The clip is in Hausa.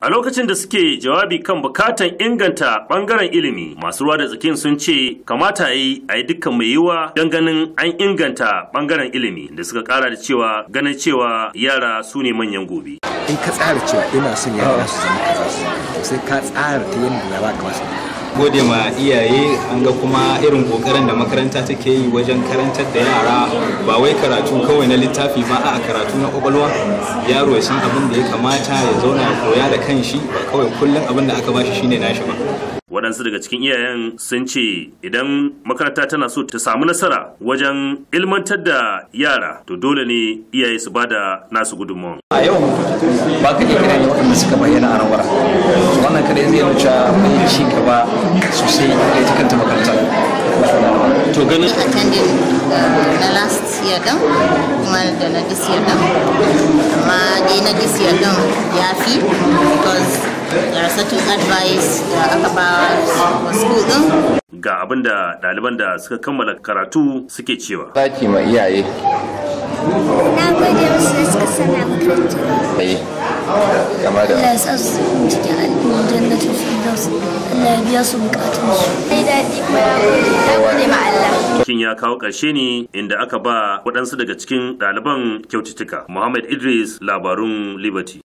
A lokacin da suke jawabi kan bukatan inganta bangaren ilimi, masu ruwa da tsakin sun ce kamata yi a yi dukkan mai yiwa don ganin an inganta bangaren ilimi da suka kara da cewa ganin cewa yara su ne manyan gobe. In ka tsara cewa ina son yara su zama kaza sai ka tsara ta yadda ba ka masu gode ma iyaye an ga kuma irin kokarin da makaranta take yi wajen karantar da yara ba wai karatu kawai na littafi ba a karatu na kwakwalwa yaro ya san abin da ya kamata ya zauna ya koya da kanshi ba kawai kullum abin da aka bashi shine nashi ba waɗansu daga cikin iyayen sun ce idan makaranta tana so ta samu nasara wajen ilmantar da yara to dole ne iyaye su ba da nasu gudunmawa a yau ba ka iya kiran waɗanda suka bayyana a nan wannan kadai zai nuna mai shi ci gaba sosai da ita kanta makaranta to ganin attending eh, na last year din kuma da na this year din amma da na this year din ya fi because there are certain advice da aka ba school din ga abin da ɗaliban da suka kammala karatu suke cewa. Zaki ma iyaye. Na gode musu da suka sana makaranta. Allah ya sa su cikin Allah ya biya su bukatun su. Ai daɗi kuma ya ma Allah. Kin ya kawo ƙarshe ne inda aka ba waɗansu daga cikin ɗaliban kyaututtuka. Muhammad Idris labarun Liberty.